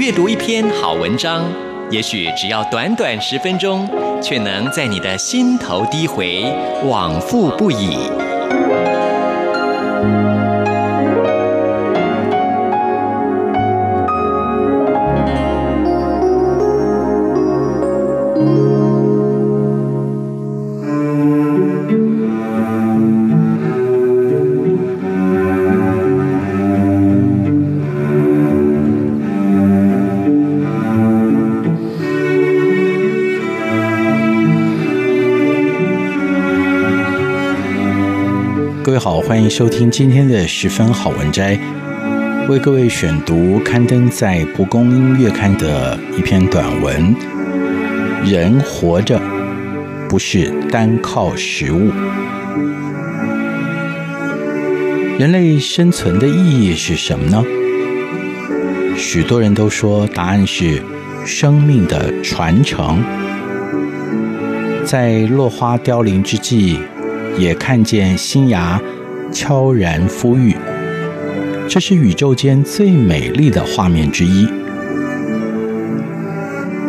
閱讀一篇好文章，也許只要短短十分鐘，卻能在你的心頭低回，往復不已。各位好，歡迎收聽今天的十分好文摘，為各位選讀刊登在《蒲公英月刊》的一篇短文。人活着不是單靠食物，人類生存的意義是什麼呢？許多人都說，答案是生命的傳承。在落花凋零之際，也看見新芽悄然孵育，這是宇宙間最美麗的畫面之一。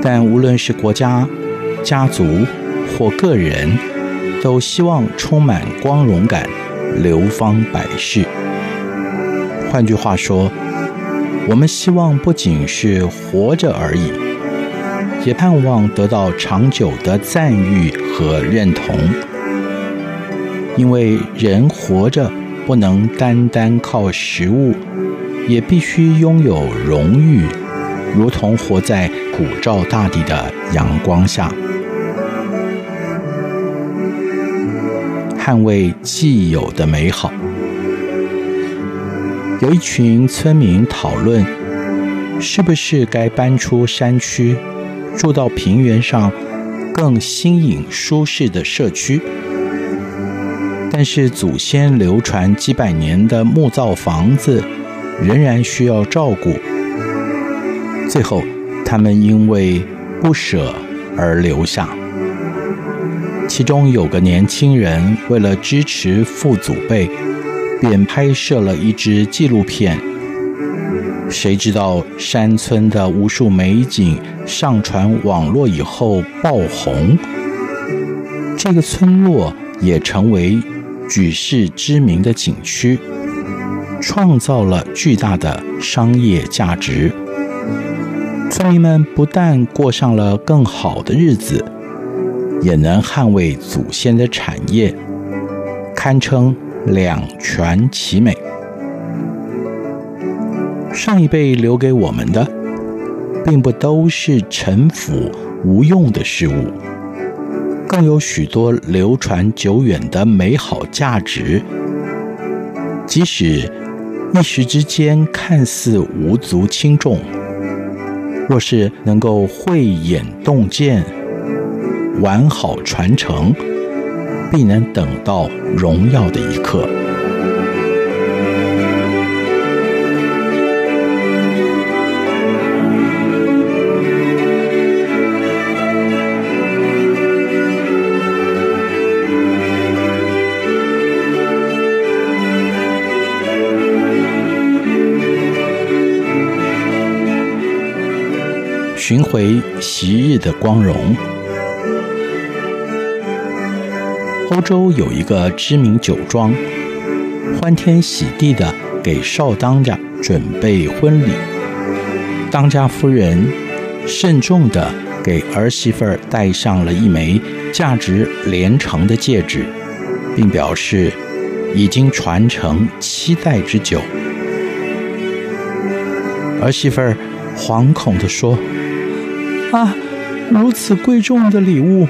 但無論是國家、家族或個人，都希望充滿光榮感，流芳百世。換句話說，我們希望不僅是活着而已，也盼望得到長久的讚譽和認同。因為人活着不能單單靠食物，也必須擁有榮譽，如同活在普照大地的陽光下，捍衛既有的美好。有一群村民討論，是不是該搬出山區，住到平原上更新穎舒適的社區。但是祖先流傳幾百年的木造房子，仍然需要照顧。最後，他們因為不捨而留下。其中有個年輕人為了支持父祖輩，便拍攝了一支紀錄片。誰知道山村的無數美景上傳網絡以後爆紅，這個村落也成為。舉世知名的景區，創造了巨大的商業價值。村民們不但過上了更好的日子，也能捍衛祖先的產業，堪稱兩全其美。上一輩留給我們的，並不都是陳腐無用的事物。更有許多流傳久遠的美好價值，即使一時之間看似無足輕重，若是能夠慧眼洞見，完好傳承，必能等到榮耀的一刻。尋回昔日的光榮。歐洲有一個知名酒莊，歡天喜地的給少當家準備婚禮。當家夫人慎重的給兒媳婦兒戴上了一枚價值連城的戒指，並表示已經傳承七代之久。兒媳婦兒惶恐地說。啊，如此貴重的禮物，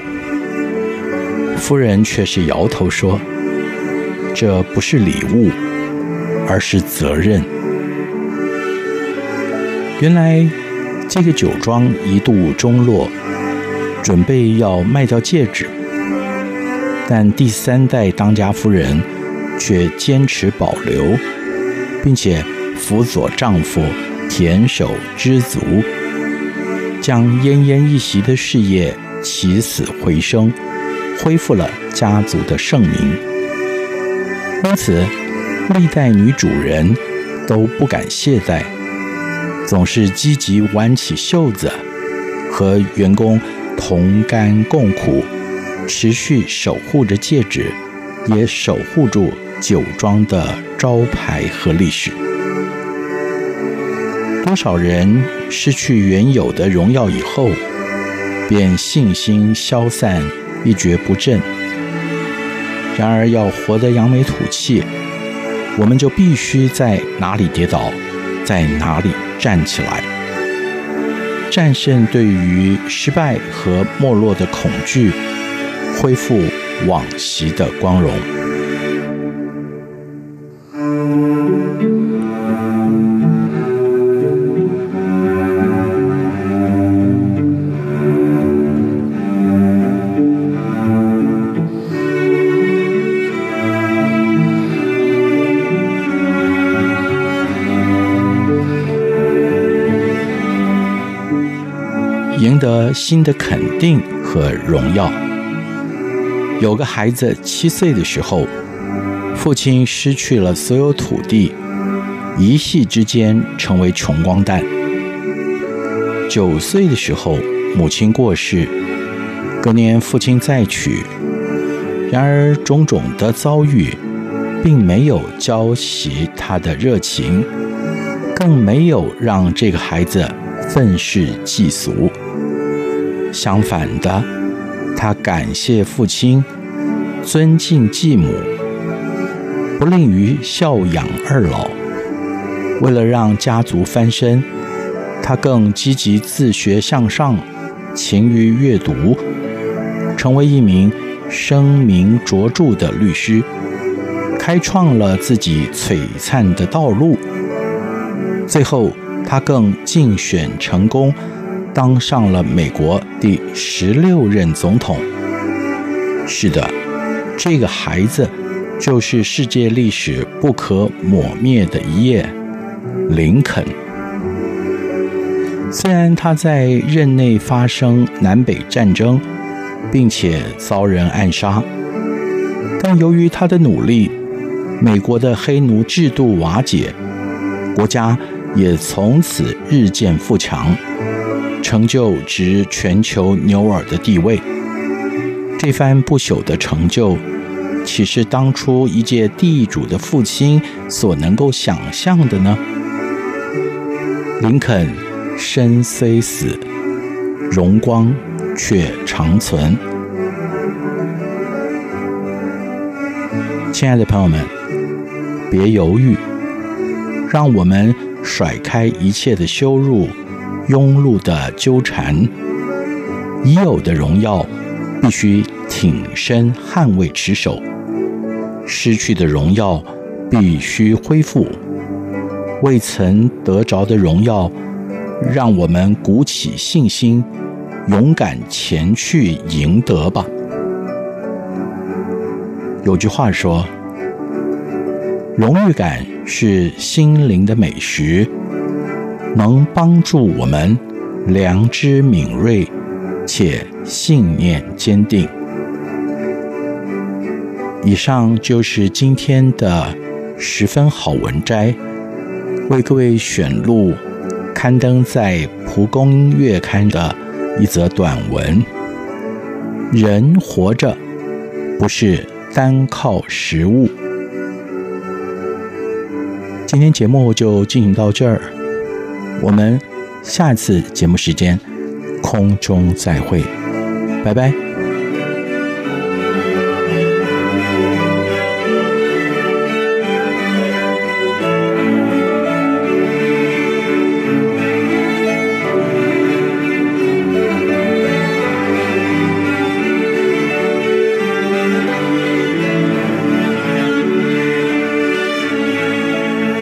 夫人卻是搖頭說：“這不是禮物，而是責任。”原來這個酒莊一度中落，準備要賣掉戒指，但第三代當家夫人卻堅持保留，並且輔佐丈夫，胼手胝足。將奄奄一息的事業起死回生，恢復了家族的盛名。因此，歷代女主人都不敢懈怠，總是積極挽起袖子，和員工同甘共苦，持續守護着戒指，也守護住酒莊的招牌和歷史。多少人失去原有的榮耀以後，便信心消散，一蹶不振。然而，要活得揚眉吐氣，我們就必須在哪裡跌倒，在哪裡站起來，戰勝對於失敗和沒落的恐懼，恢復往昔的光榮。得新的肯定和榮耀。有個孩子七歲的時候，父親失去了所有土地，一夕之間成為窮光蛋。九歲的時候，母親過世，隔年父親再娶。然而種種的遭遇，並沒有澆熄他的熱情，更沒有讓這個孩子憤世嫉俗。相反的，他感謝父親，尊敬繼母，不吝於孝養二老。為了讓家族翻身，他更積極自學向上，勤於閱讀，成為一名聲名卓著的律師，開創了自己璀璨的道路。最後，他更競選成功。當上了美國第十六任總統。是的，這個孩子就是世界歷史不可磨滅的一頁——林肯。雖然他在任內發生南北戰爭，並且遭人暗殺，但由於他的努力，美國的黑奴制度瓦解，國家也從此日漸富強。成就值全球牛耳的地位。這番不朽的成就，豈是當初一介地主的父親所能夠想象的呢？林肯，身雖死，榮光卻長存。親愛的朋友們，別猶豫，讓我們甩開一切的羞辱、庸碌的糾纏，已有的榮耀，必須挺身捍衛持守；失去的榮耀，必須恢復；未曾得着的榮耀，讓我們鼓起信心，勇敢前去贏得吧。有句話說：“榮譽感是心靈的美食。”能幫助我們良知敏銳且信念堅定。以上就是今天的十分好文摘，為各位選錄刊登在《蒲公英月刊》的一則短文。人活着不是單靠食物。今天節目就進行到這兒。我們下次節目時間空中再會，拜拜。